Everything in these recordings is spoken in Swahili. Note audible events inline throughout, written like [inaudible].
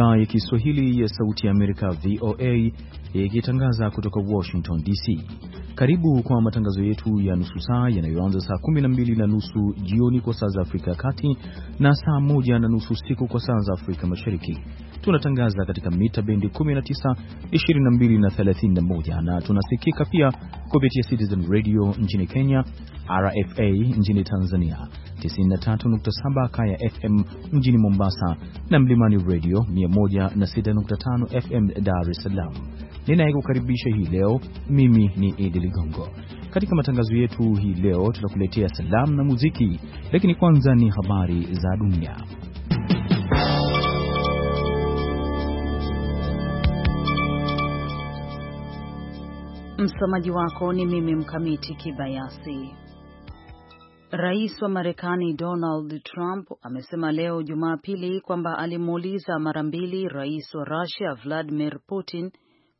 idhaa ya Kiswahili ya Sauti ya Amerika, VOA, ikitangaza kutoka Washington DC. Karibu kwa matangazo yetu ya nusu saa yanayoanza saa kumi na mbili na nusu jioni kwa saa za Afrika ya Kati na saa moja na nusu usiku kwa saa za Afrika Mashariki. Tunatangaza katika mita bendi 19, 22 na 31 na tunasikika pia kupitia Citizen Radio nchini Kenya, RFA nchini Tanzania, 93.7 Kaya FM mjini Mombasa na Mlimani Radio 106.5 FM Dar es Salaam ninayekukaribisha hii leo mimi ni Idi Ligongo. Katika matangazo yetu hii leo tutakuletea salamu na muziki, lakini kwanza ni habari za dunia. Msomaji wako ni mimi Mkamiti Kibayasi. Rais wa Marekani Donald Trump amesema leo Jumapili kwamba alimuuliza mara mbili rais wa Russia Vladimir Putin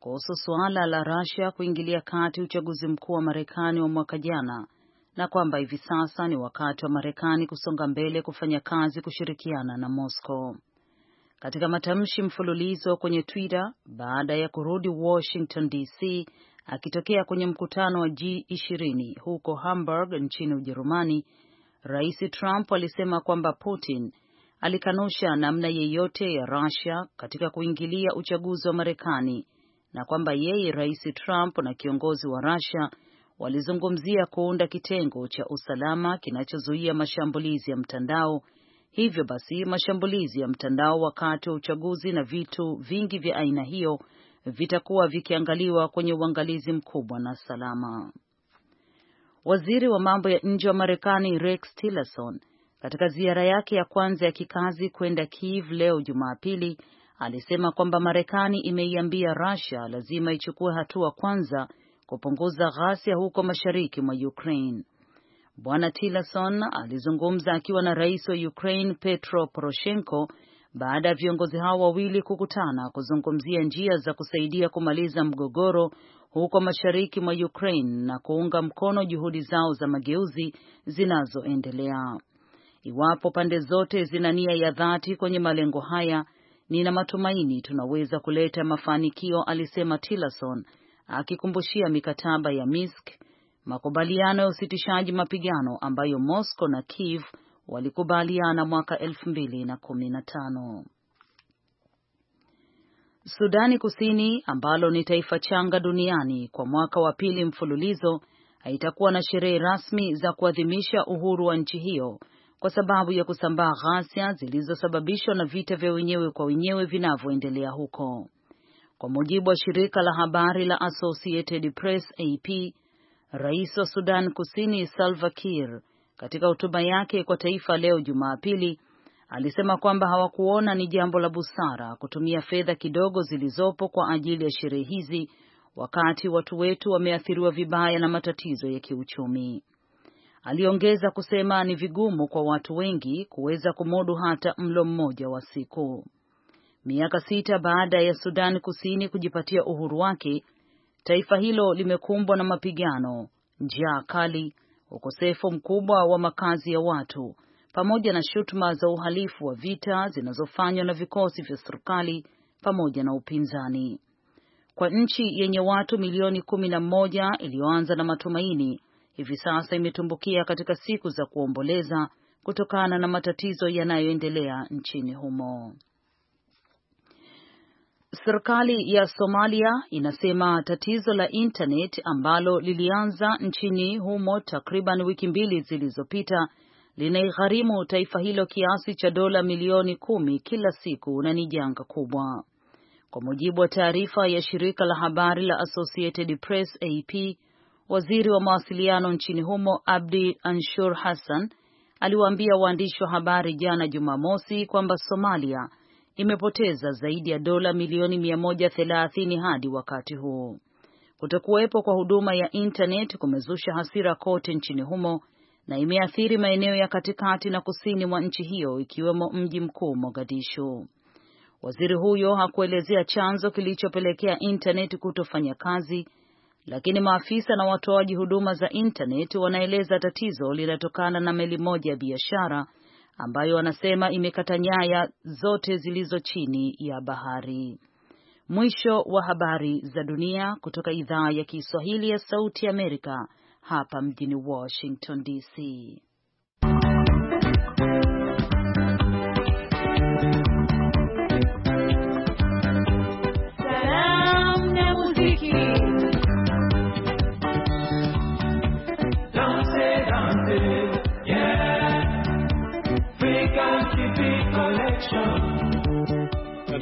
kuhusu suala la Russia kuingilia kati uchaguzi mkuu wa Marekani wa mwaka jana na kwamba hivi sasa ni wakati wa Marekani kusonga mbele kufanya kazi kushirikiana na Moscow. Katika matamshi mfululizo kwenye Twitter baada ya kurudi Washington DC akitokea kwenye mkutano wa G20 huko Hamburg nchini Ujerumani, Rais Trump alisema kwamba Putin alikanusha namna yeyote ya Russia katika kuingilia uchaguzi wa Marekani na kwamba yeye Rais Trump na kiongozi wa Russia walizungumzia kuunda kitengo cha usalama kinachozuia mashambulizi ya mtandao. Hivyo basi, mashambulizi ya mtandao wakati wa uchaguzi na vitu vingi vya aina hiyo vitakuwa vikiangaliwa kwenye uangalizi mkubwa na salama. Waziri wa mambo ya nje wa Marekani Rex Tillerson katika ziara yake ya kwanza ya kikazi kwenda Kiev leo Jumapili alisema kwamba Marekani imeiambia Russia lazima ichukue hatua kwanza kupunguza ghasia huko mashariki mwa Ukraine. Bwana Tillerson alizungumza akiwa na rais wa Ukraine Petro Poroshenko baada ya viongozi hao wawili kukutana kuzungumzia njia za kusaidia kumaliza mgogoro huko mashariki mwa Ukraine na kuunga mkono juhudi zao za mageuzi zinazoendelea. Iwapo pande zote zina nia ya dhati kwenye malengo haya, Nina matumaini tunaweza kuleta mafanikio, alisema Tillerson akikumbushia mikataba ya Minsk, makubaliano ya usitishaji mapigano ambayo Moscow na Kiev walikubaliana mwaka 2015. Sudani Kusini ambalo ni taifa changa duniani kwa mwaka wa pili mfululizo haitakuwa na sherehe rasmi za kuadhimisha uhuru wa nchi hiyo kwa sababu ya kusambaa ghasia zilizosababishwa na vita vya wenyewe kwa wenyewe vinavyoendelea huko. Kwa mujibu wa shirika la habari la Associated Press AP, Rais wa Sudan Kusini Salva Kiir katika hotuba yake kwa taifa leo Jumapili alisema kwamba hawakuona ni jambo la busara kutumia fedha kidogo zilizopo kwa ajili ya sherehe hizi wakati watu wetu wameathiriwa vibaya na matatizo ya kiuchumi. Aliongeza kusema ni vigumu kwa watu wengi kuweza kumudu hata mlo mmoja wa siku. Miaka sita baada ya Sudan Kusini kujipatia uhuru wake, taifa hilo limekumbwa na mapigano, njaa kali, ukosefu mkubwa wa makazi ya watu, pamoja na shutuma za uhalifu wa vita zinazofanywa na vikosi vya serikali pamoja na upinzani. Kwa nchi yenye watu milioni kumi na moja iliyoanza na matumaini, hivi sasa imetumbukia katika siku za kuomboleza kutokana na matatizo yanayoendelea nchini humo. Serikali ya Somalia inasema tatizo la internet ambalo lilianza nchini humo takriban wiki mbili zilizopita linaigharimu taifa hilo kiasi cha dola milioni kumi kila siku na ni janga kubwa. Kwa mujibu wa taarifa ya shirika la habari la Associated Press AP, Waziri wa mawasiliano nchini humo Abdi Anshur Hassan aliwaambia waandishi wa habari jana Jumamosi kwamba Somalia imepoteza zaidi ya dola milioni 130 hadi wakati huu. Kutokuwepo kwa huduma ya intaneti kumezusha hasira kote nchini humo na imeathiri maeneo ya katikati na kusini mwa nchi hiyo ikiwemo mji mkuu Mogadishu. Waziri huyo hakuelezea chanzo kilichopelekea intaneti kutofanya kazi lakini maafisa na watoaji huduma za intaneti wanaeleza tatizo linatokana na meli moja ya biashara ambayo wanasema imekata nyaya zote zilizo chini ya bahari. Mwisho wa habari za dunia kutoka idhaa ya Kiswahili ya Sauti ya Amerika hapa mjini Washington DC.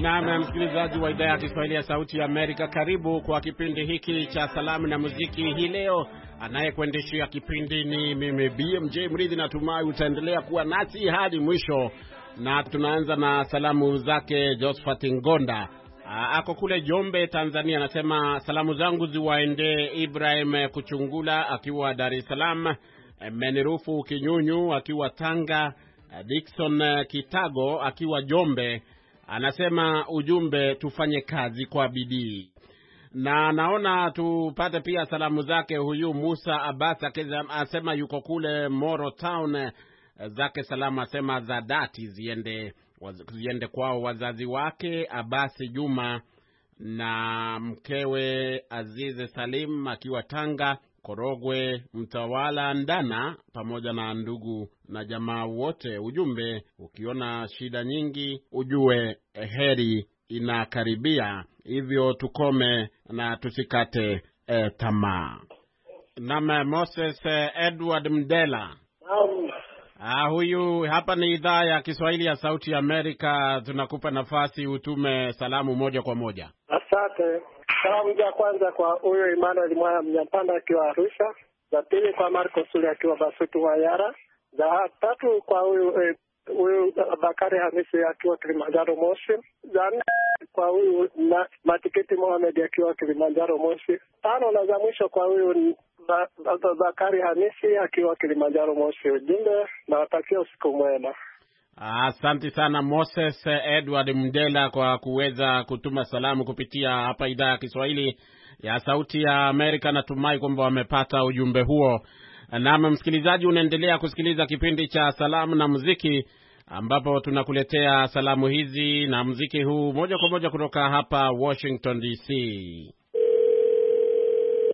Naam, msikilizaji wa idhaa ya Kiswahili ya Sauti ya Amerika, karibu kwa kipindi hiki cha salamu na muziki hii leo. Anayekuendeshia kipindi ni mimi BMJ Mridhi. Natumai utaendelea kuwa nasi hadi mwisho, na tunaanza na salamu zake Josephat Ngonda, ako kule Jombe, Tanzania. Anasema salamu zangu ziwaendee Ibrahim Kuchungula akiwa Dar es Salaam, Menirufu Kinyunyu akiwa Tanga, Eh, Dickson eh, Kitago akiwa Jombe anasema ujumbe, tufanye kazi kwa bidii. Na naona tupate pia salamu zake huyu Musa Abbas asema yuko kule Moro Town, eh, zake salamu asema za dhati ziende, ziende kwao wazazi wake Abasi Juma na mkewe Azize Salim akiwa Tanga, Korogwe, Mtawala, Ndana pamoja na ndugu na jamaa wote. Ujumbe ukiona shida nyingi ujue eh, heri inakaribia, hivyo tukome na tusikate e, tamaa. Nam eh, Moses Edward Mdela. Ah, huyu hapa ni idhaa ya Kiswahili ya Sauti ya Amerika, tunakupa nafasi utume salamu moja kwa moja. Asante. Salamu za kwanza kwa huyo Emmanuel Mwaya Mnyampanda akiwa Arusha, za pili kwa Marco Sule akiwa Basutu Wayara, za tatu kwa huyu eh, huyu Bakari Hamisi akiwa Kilimanjaro Moshi, za nne kwa huyu Matikiti Mohamed akiwa Kilimanjaro Moshi, tano na za mwisho kwa huyu Bakari Hamisi akiwa Kilimanjaro Moshi. Ujumbe nawatakia usiku mwema. Asante sana Moses Edward Mdela kwa kuweza kutuma salamu kupitia hapa idhaa ya Kiswahili ya Sauti ya Amerika. Natumai kwamba wamepata ujumbe huo. Naam, msikilizaji, unaendelea kusikiliza kipindi cha Salamu na Muziki, ambapo tunakuletea salamu hizi na muziki huu moja kwa moja kutoka hapa Washington DC.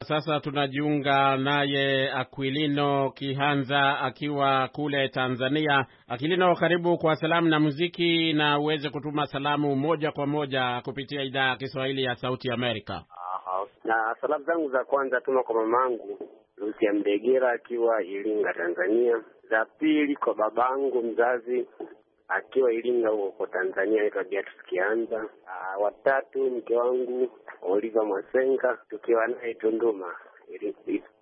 Sasa tunajiunga naye Aquilino Kihanza akiwa kule Tanzania. Aquilino, karibu kwa salamu na muziki, na uweze kutuma salamu moja kwa moja kupitia idhaa ya Kiswahili ya Sauti Amerika. Aha. Na salamu zangu za kwanza tuma kwa mamangu Lucia Mdegera akiwa Iringa, Tanzania. Za pili kwa babangu mzazi akiwa Iringa huko kwa Tanzania, anaitwa Beatrice Kianza. Ah, watatu mke wangu Oliva Mwasenga, tukiwa naye Tunduma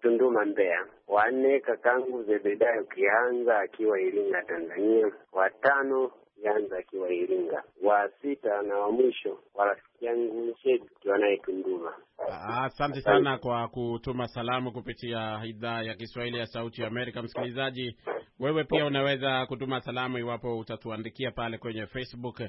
Tunduma Mbeya. Wanne kakangu Zebedayo Kianza akiwa Iringa Tanzania. Watano Kianza akiwa Iringa. Wa sita na wa mwisho wa rafiki yangu Shedi tukiwa naye Tunduma. Ah, asante sana kwa kutuma salamu kupitia idhaa ya Kiswahili ya Sauti ya Amerika. Msikilizaji, wewe pia oh. unaweza kutuma salamu iwapo utatuandikia pale kwenye Facebook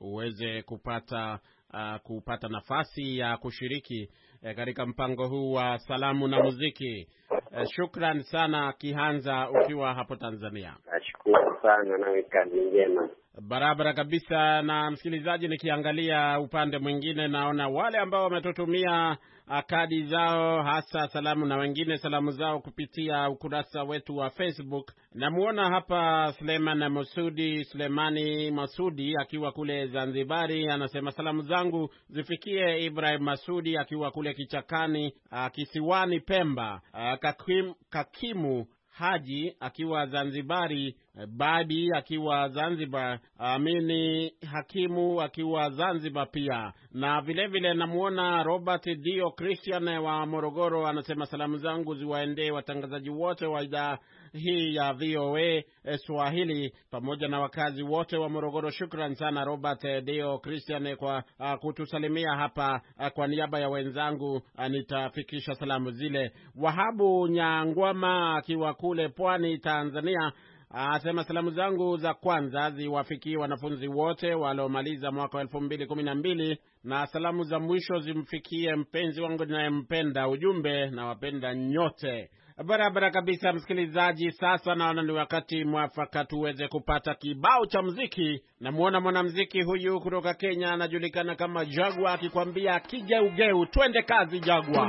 uweze kupata uh, kupata nafasi ya kushiriki eh, katika mpango huu wa salamu na muziki. Eh, shukran sana Kihanza, ukiwa hapo Tanzania. Nashukuru sana, nawe kazi njema barabara kabisa. Na msikilizaji, nikiangalia upande mwingine, naona wale ambao wametutumia Ah, kadi zao, hasa salamu na wengine salamu zao kupitia ukurasa wetu wa Facebook. namwona hapa Suleman Masudi, Sulemani Masudi akiwa kule Zanzibari, anasema salamu zangu zifikie Ibrahim Masudi akiwa kule kichakani a, ah, kisiwani Pemba, a, ah, kakim, Kakimu Haji akiwa Zanzibari, Babi akiwa Zanzibar, Amini Hakimu akiwa Zanzibar pia na vilevile namwona Robert Dio Christian wa Morogoro anasema salamu zangu ziwaendee watangazaji wote wa idhaa hii ya VOA eh, Swahili pamoja na wakazi wote wa Morogoro. Shukran sana Robert eh, Dio Christian eh, kwa uh, kutusalimia hapa uh, kwa niaba ya wenzangu uh, nitafikisha salamu zile. Wahabu Nyangwama akiwa kule Pwani, Tanzania asema salamu zangu za kwanza ziwafikie wanafunzi wote waliomaliza mwaka wa elfu mbili kumi na mbili na salamu za mwisho zimfikie mpenzi wangu ninayempenda. Ujumbe na wapenda nyote barabara kabisa, msikilizaji. Sasa naona ni wakati mwafaka tuweze kupata kibao cha mziki. Namwona mwanamziki huyu kutoka Kenya anajulikana kama Jagwa akikwambia kigeugeu. Twende kazi, Jagwa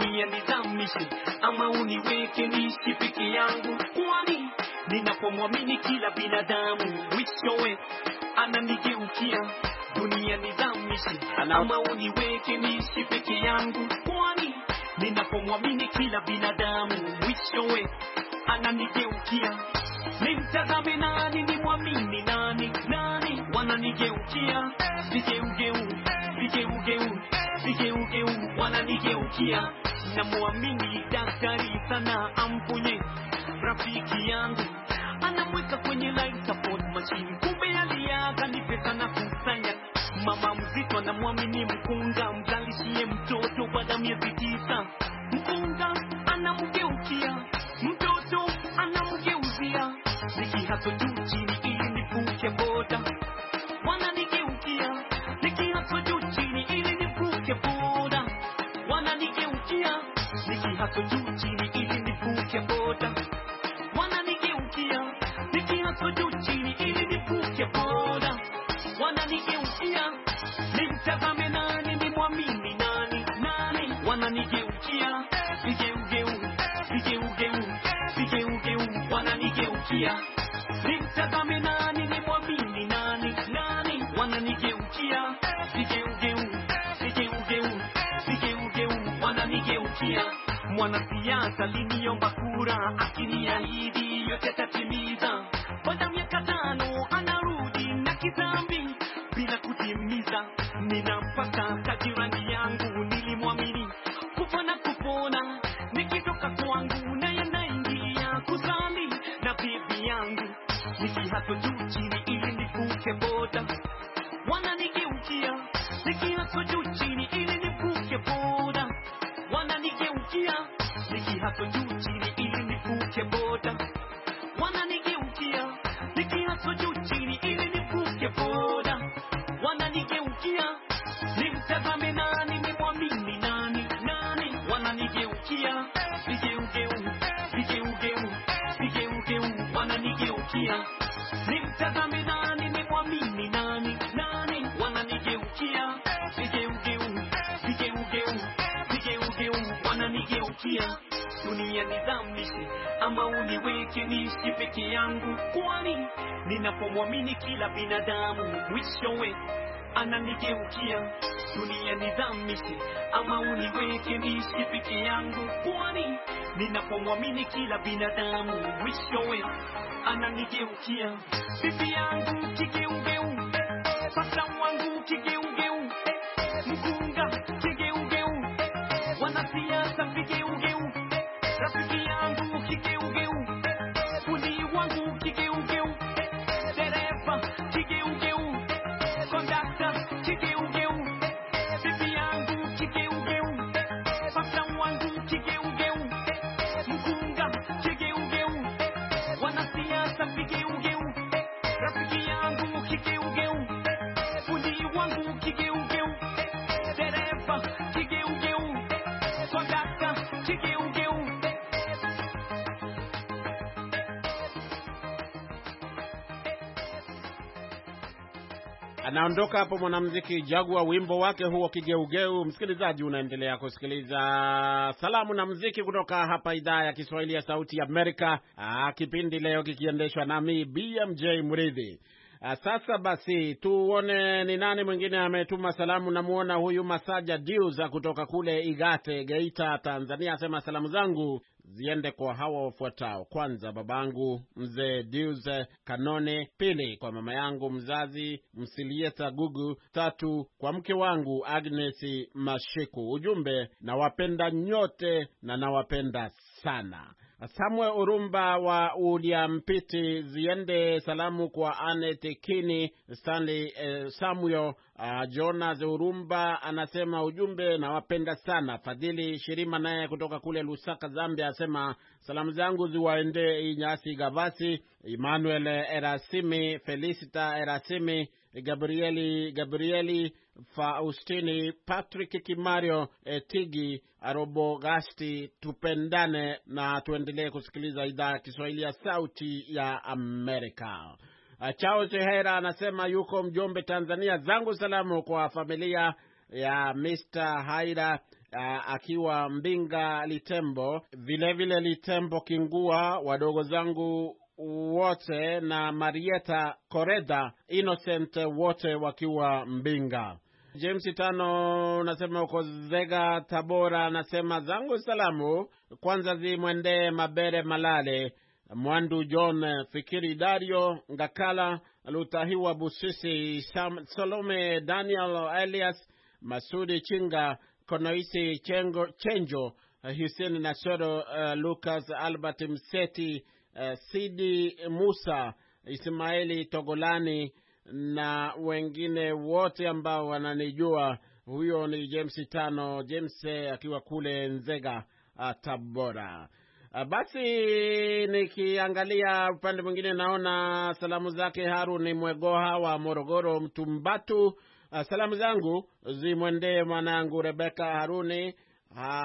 ninapomwamini kila binadamu, mwishowe ananigeukia dunia nizamishe, ama uniweke niishi peke yangu, kwani ninapomwamini kila binadamu, mwishowe ananigeukia nimtazame nani, nimwamini nani, nani wananigeukia, vigeugeu vigeugeu vigeugeu wananigeukia, namwamini daktari sana amponye rafiki yangu anamweka kwenye life support machine, kumbe aliaga ni pesa na kusanya. Mama mzito anamwamini mkunga mzalishie mtoto baada ya miezi tisa, mkunga anamgeukia mtoto anamgeuzia, hato juu chini ili nipuke boda, wananigeukia nikihaso juu chini ili nipuke boda, wananigeukia nikihaso juu dunia. Nimtazame nani, nimwamini nani? Nani wananigeukia? Sigeugeu, sigeugeu, sigeugeu, wananigeukia. Mwanasiasa liniomba kura akiniahidi bodaboda wananigeukia, nikihaswa juu chini, ili nivuke boda wananigeukia, nikihaswa juu nizamishe ama uniweke niishi peke yangu, kwani ninapomwamini kila binadamu mwishowe ananigeukia. Dunia nizamishe ama uniweke niishi peke yangu, kwani ninapomwamini kila binadamu mwishowe ananigeukia. Bibi yangu kigeugeue Anaondoka hapo mwanamuziki Jagua, wimbo wake huo Kigeugeu. Msikilizaji, unaendelea kusikiliza salamu na muziki kutoka hapa idhaa ya Kiswahili ya Sauti ya Amerika, ah, kipindi leo kikiendeshwa nami BMJ Mridhi. Ah, sasa basi tuone ni nani mwingine ametuma salamu. Namuona huyu Masaja Diuza kutoka kule Igate, Geita, Tanzania, asema salamu zangu ziende kwa hawa wafuatao: kwanza, babangu mzee Deuse Kanone; pili, kwa mama yangu mzazi Msilieta Gugu; tatu, kwa mke wangu Agnes Mashiku. Ujumbe, nawapenda nyote na nawapenda sana. Samuel Urumba wa Uliampiti, ziende salamu kwa Anet Kini, Stanley eh, Samuel Uh, Jonas Urumba anasema ujumbe, nawapenda sana. Fadhili Shirima naye kutoka kule Lusaka, Zambia, asema salamu zangu ziwaende Inyasi Gavasi, Emmanuel Erasimi, Felicita Erasimi, Gabrieli Gabrieli Faustini Patrick Kimario Etigi eh, Arobogasti. Tupendane na tuendelee kusikiliza idhaa ya Kiswahili ya Sauti ya Amerika. Ah, Charles Hera anasema yuko Mjombe, Tanzania. Zangu salamu kwa familia ya Mr. Haida ah, akiwa Mbinga Litembo, vilevile vile Litembo Kingua, wadogo zangu wote na Marieta Koreda Innocent wote wakiwa Mbinga. James Tano unasema uko Zega, Tabora, anasema zangu salamu kwanza zimwendee Mabere Malale, Mwandu John, Fikiri Dario, Ngakala Lutahiwa, Busisi Sam, Salome Daniel, Elias Masudi Chinga, Konoisi Chengo, Chenjo, Hussein Nasoro, uh, Lucas Albert Mseti, uh, Sidi Musa, ismaeli Togolani na wengine wote ambao wananijua. Huyo ni James tano James eh, akiwa kule Nzega, ah, Tabora. Ah, basi nikiangalia upande mwingine, naona salamu zake Haruni Mwegoha wa Morogoro, Mtumbatu. Ah, salamu zangu zimwendee mwanangu Rebeka Haruni,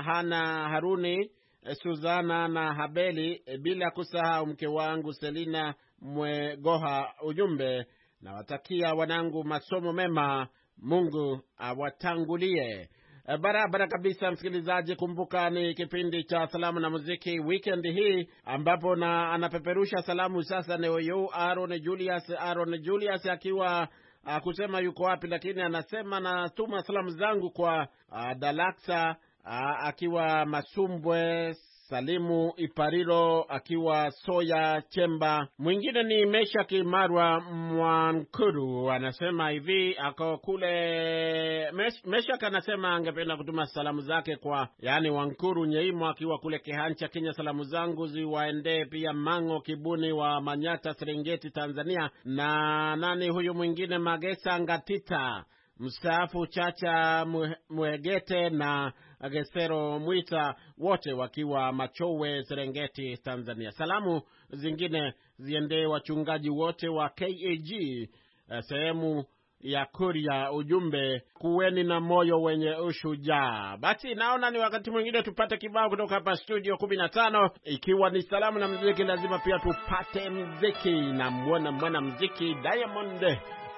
Hana Haruni, eh, Suzana na Habeli, eh, bila kusahau mke wangu Selina Mwegoha. Ujumbe Nawatakia wanangu masomo mema, Mungu awatangulie eh, barabara kabisa. Msikilizaji, kumbuka ni kipindi cha salamu na muziki wikendi hii, ambapo na anapeperusha salamu sasa ni huyu Aaron Julius. Aaron Julius akiwa ah, kusema yuko wapi, lakini anasema natuma salamu zangu kwa a, ah, Dalaksa a, ah, akiwa Masumbwe Salimu ipariro akiwa Soya Chemba. Mwingine ni Mesha Kimarwa Mwankuru, anasema hivi, ako kule Mesha anasema angependa kutuma salamu zake kwa yaani Wankuru Nyeimo akiwa kule Kehancha, Kenya. Salamu zangu ziwaendee pia Mango Kibuni wa Manyata, Serengeti, Tanzania na nani huyu mwingine Magesa Ngatita mstaafu Chacha Mwegete na Gesero Mwita, wote wakiwa Machowe, Serengeti, Tanzania. Salamu zingine ziendee wachungaji wote wa KAG eh, sehemu ya Kuria. Ujumbe, kuweni na moyo wenye ushujaa. Basi naona ni wakati mwingine tupate kibao kutoka hapa studio kumi na tano. Ikiwa ni salamu na mziki, lazima pia tupate mziki na mwana mwana mziki Diamond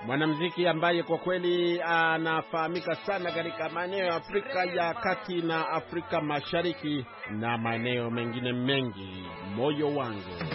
mwanamuziki ambaye kwa kweli anafahamika sana katika maeneo ya Afrika ya Kati na Afrika Mashariki na maeneo mengine mengi. Moyo wangu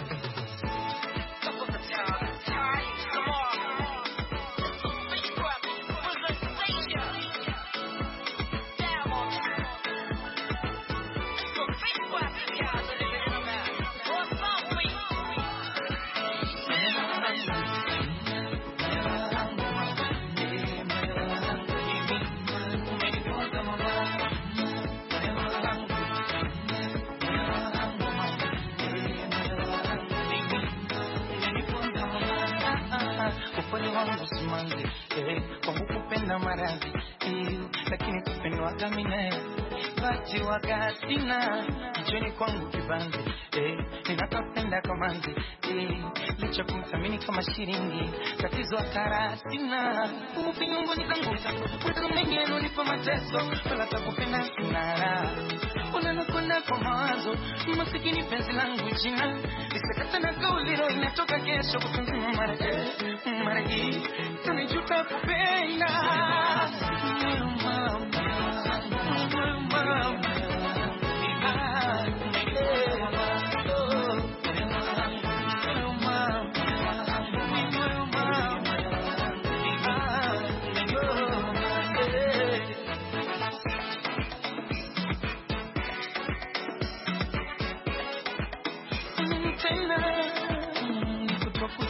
wakati Siwaga sina kichwani kwangu kibanzi eh, ninakapenda kwa manzi eh, licha kumthamini kama shilingi, tatizo akara sina kupi kangu kwetu kutu mengine mateso, wala takupenda sina raha kwa mawazo masikini penzi langu jina lisakata na kauliro inatoka kesho kutunzi maragi maragi tunijuta kupenda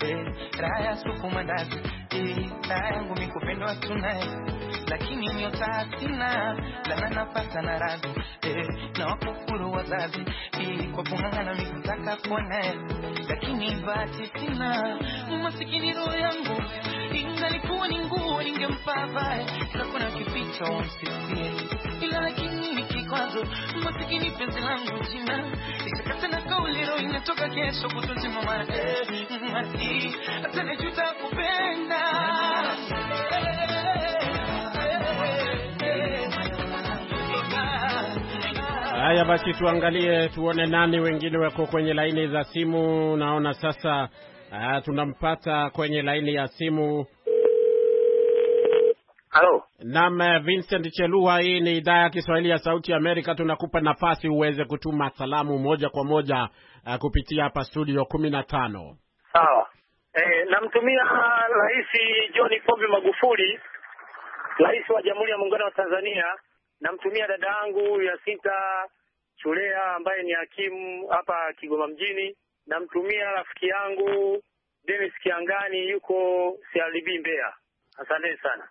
raya ya supu e yangu mikupendwa tunaye lakini nyota sina lana napata na radhi eh, na e, wakufuru wazazi eh, kwa kung'ang'ana mikutaka kuonae lakini bahati sina umasikini roho yangu ingalikuwa ni nguo ningempa vae, ila lakini ni kikwazo, masikini penzi langu jina ishakata na kauli, roho inatoka kesho kutunzima mati, hata najuta kupenda Haya basi, tuangalie tuone nani wengine wako kwenye laini za simu. Naona sasa Ah, tunampata kwenye laini ya simu. Halo. Naam, eh, Vincent Chelua, hii ni idhaa ya Kiswahili ya Sauti Amerika. Tunakupa nafasi uweze kutuma salamu moja kwa moja uh, kupitia hapa studio kumi na tano. Sawa. Eh, namtumia eh, Rais John Pombe Magufuli, Rais wa Jamhuri ya Muungano wa Tanzania. Namtumia dada yangu Yasinta Chulea ambaye ni hakimu hapa Kigoma mjini namtumia rafiki yangu Dennis Kiangani, yuko CRDB Mbeya. Asanteni sana.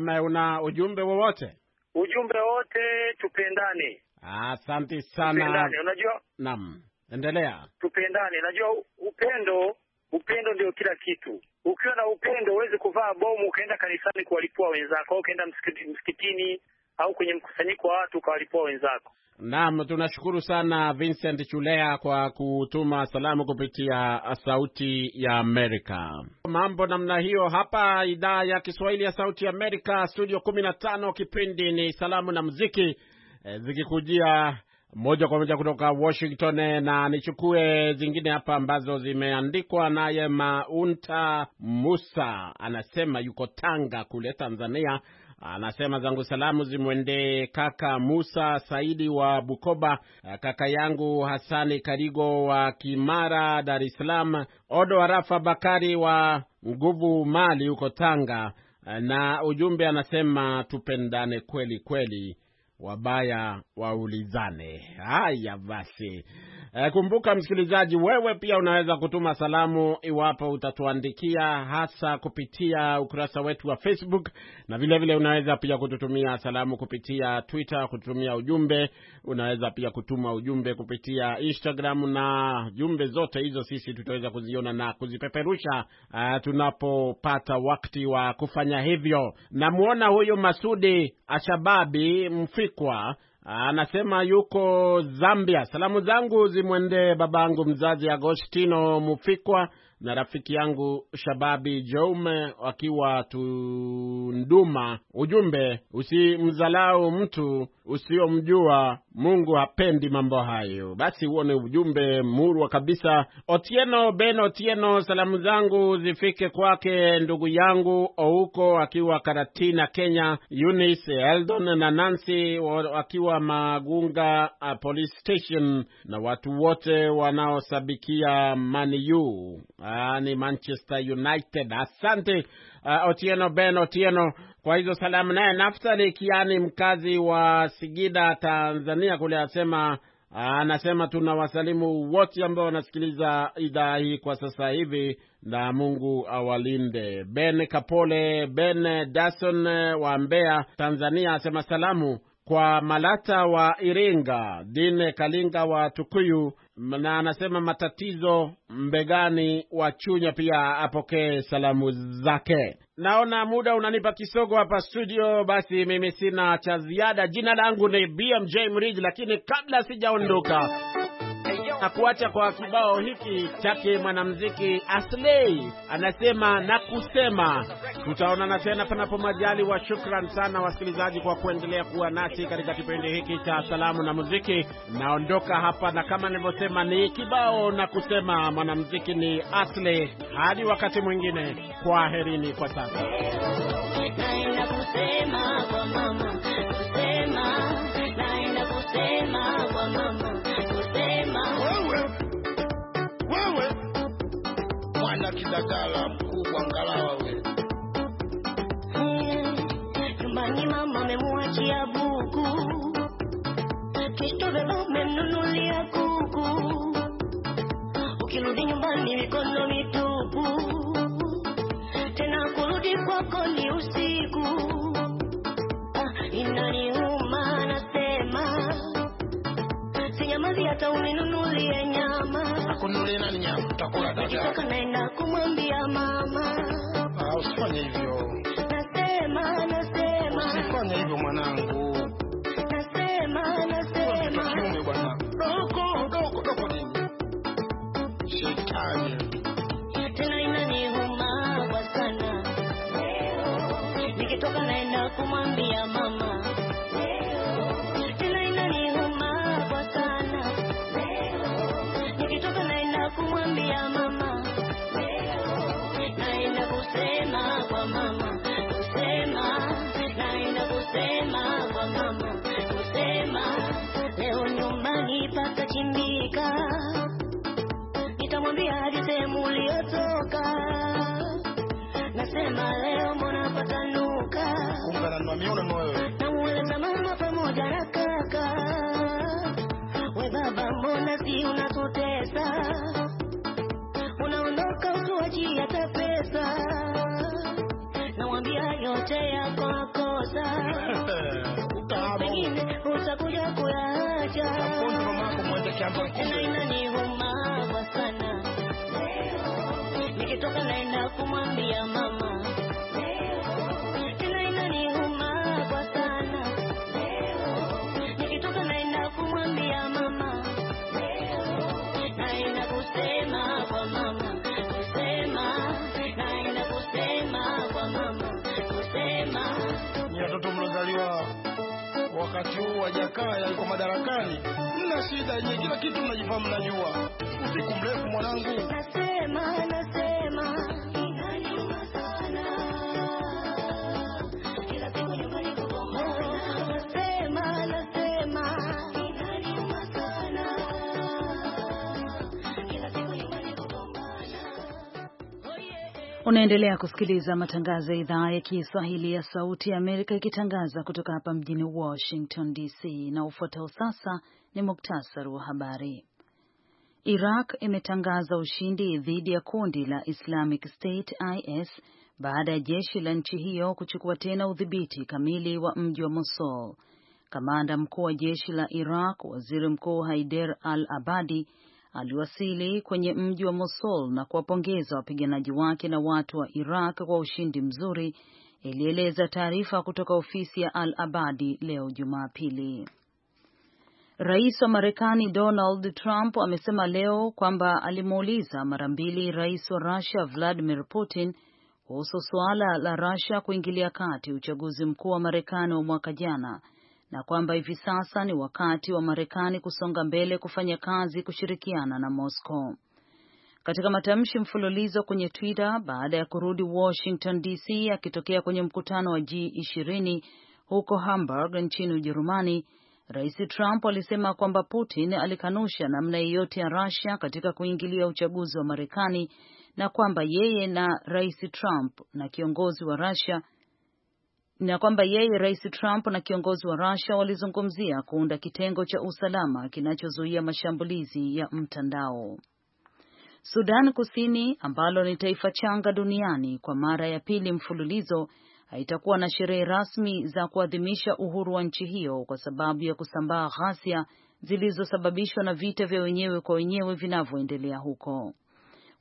Na una ujumbe wowote? Ujumbe wote tupendane. Asante sana. Tupendane, unajua? Naam. Endelea. Tupendane. najua upendo, upendo ndio kila kitu. Ukiwa na upendo huwezi kuvaa bomu ukaenda kanisani kuwalipua wenzako, ukaenda msikitini au kwenye mkusanyiko wa watu ukawalipua wenzako. Naam, tunashukuru sana Vincent Chulea kwa kutuma salamu kupitia Sauti ya Amerika. Mambo namna hiyo hapa idhaa ya Kiswahili ya Sauti ya Amerika, studio kumi na tano. Kipindi ni salamu na muziki eh, zikikujia moja kwa moja kutoka Washington, eh, na nichukue zingine hapa ambazo zimeandikwa naye Maunta Musa, anasema yuko Tanga kule Tanzania. Anasema zangu salamu zimwendee kaka Musa Saidi wa Bukoba, eh, kaka yangu Hasani Karigo wa Kimara, Dar es Salaam, Odo Arafa Bakari wa Nguvu Mali huko Tanga, eh, na ujumbe anasema tupendane kweli kweli wabaya waulizane. Haya basi, e, kumbuka msikilizaji, wewe pia unaweza kutuma salamu iwapo utatuandikia, hasa kupitia ukurasa wetu wa Facebook, na vilevile vile unaweza pia kututumia salamu kupitia Twitter, kututumia ujumbe. Unaweza pia kutuma ujumbe kupitia Instagram, na jumbe zote hizo sisi tutaweza kuziona na kuzipeperusha uh, tunapopata wakati wa kufanya hivyo. Namwona huyu Masudi Ashababi mfi Mtapikwa anasema yuko Zambia. Salamu zangu zimwendee babangu mzazi Agostino Mufikwa na rafiki yangu Shababi Jeume wakiwa Tunduma. Ujumbe, usimdhalau mtu usiomjua Mungu hapendi mambo hayo. Basi huo ni ujumbe murwa kabisa. Otieno Ben Otieno, salamu zangu zifike kwake ndugu yangu Ouko akiwa Karatina, Kenya, Eunice Eldon na Nancy wakiwa Magunga uh, police station, na watu wote wanaosabikia Maniu uh, ni yaani Manchester United. Asante uh, Otieno Ben Otieno kwa hizo salamu. Naye Naftali Kiani, mkazi wa sigida Tanzania kule, asema uh, anasema tuna wasalimu wote ambao wanasikiliza idhaa hii kwa sasa hivi, na Mungu awalinde. Ben Kapole Ben Dason uh, wa mbea Tanzania, asema salamu kwa Malata wa Iringa, Dine Kalinga wa Tukuyu, na anasema matatizo Mbegani wa Chunya pia apokee salamu zake. Naona muda unanipa kisogo hapa studio, basi mimi sina cha ziada. Jina langu ni BMJ Mridhi, lakini kabla sijaondoka na kuacha kwa kibao hiki chake mwanamuziki Asley anasema na kusema. Tutaonana tena panapo wa Shukran sana wasikilizaji kwa kuendelea kuwa nasi katika kipindi hiki cha salamu na muziki. Naondoka hapa na kama nilivyosema, ni kibao na kusema, mwanamuziki ni Asley. Hadi wakati mwingine, kwa herini kwa sasa kila kidagala mkubwa ngalawa nyumbani hmm, mama amemwachia buku kitobelo menunulia kuku ukirudi nyumbani mikono mitupu tena kurudi kwako ni usiku ah, inaniuma nasema sinyamazi hata uninunulie nyama akunulie nani nyama takula dakika Usifanye hivyo. Nasema, nasema. Usifanye hivyo mwanangu. Nasema, nasema. Doko, doko, doko nini? Shetani. Tena inaniuma sana. Nikitoka naenda kumwambia Wamiona moyo namueleza mama pamoja na kaka, we baba, mbona si unatutesa? Unaondoka utuachi hata pesa, nawambia yote yako makosa [laughs] pengine utakuja kuyaacha inaniuma sana, nikitoka naenda kumwambia mama madarakani, mna shida nyingi, kila kitu mnajifahamu, najua. Usiku mrefu mwanangu. Unaendelea kusikiliza matangazo ya idhaa ya Kiswahili ya Sauti ya Amerika ikitangaza kutoka hapa mjini Washington DC, na ufuatao sasa ni muktasari wa habari. Iraq imetangaza ushindi dhidi ya kundi la Islamic State IS baada ya jeshi la nchi hiyo kuchukua tena udhibiti kamili wa mji wa Mosul. Kamanda mkuu wa jeshi la Iraq, waziri mkuu Haider al-Abadi aliwasili kwenye mji wa Mosul na kuwapongeza wapiganaji wake na watu wa Iraq kwa ushindi mzuri, ilieleza taarifa kutoka ofisi ya Al-Abadi leo Jumapili. Rais wa Marekani Donald Trump amesema leo kwamba alimuuliza mara mbili rais wa Russia Vladimir Putin kuhusu suala la Russia kuingilia kati uchaguzi mkuu wa Marekani wa mwaka jana na kwamba hivi sasa ni wakati wa Marekani kusonga mbele kufanya kazi kushirikiana na Moscow. Katika matamshi mfululizo kwenye Twitter baada ya kurudi Washington DC akitokea kwenye mkutano wa G20 huko Hamburg nchini Ujerumani, Rais Trump alisema kwamba Putin alikanusha namna yeyote ya Russia katika kuingilia uchaguzi wa Marekani na kwamba yeye na Rais Trump na kiongozi wa Russia na kwamba yeye Rais Trump na kiongozi wa Russia walizungumzia kuunda kitengo cha usalama kinachozuia mashambulizi ya mtandao. Sudan Kusini ambalo ni taifa changa duniani kwa mara ya pili mfululizo haitakuwa na sherehe rasmi za kuadhimisha uhuru wa nchi hiyo kwa sababu ya kusambaa ghasia zilizosababishwa na vita vya wenyewe kwa wenyewe vinavyoendelea huko.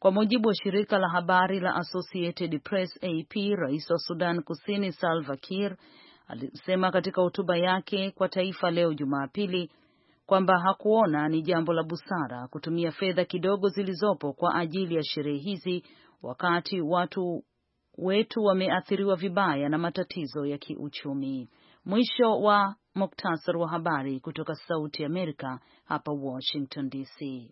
Kwa mujibu wa shirika la habari la Associated Press AP, rais wa Sudan Kusini Salva Kiir alisema katika hotuba yake kwa taifa leo Jumapili kwamba hakuona ni jambo la busara kutumia fedha kidogo zilizopo kwa ajili ya sherehe hizi wakati watu wetu wameathiriwa vibaya na matatizo ya kiuchumi. Mwisho wa muktasar wa habari kutoka Sauti ya Amerika hapa Washington DC.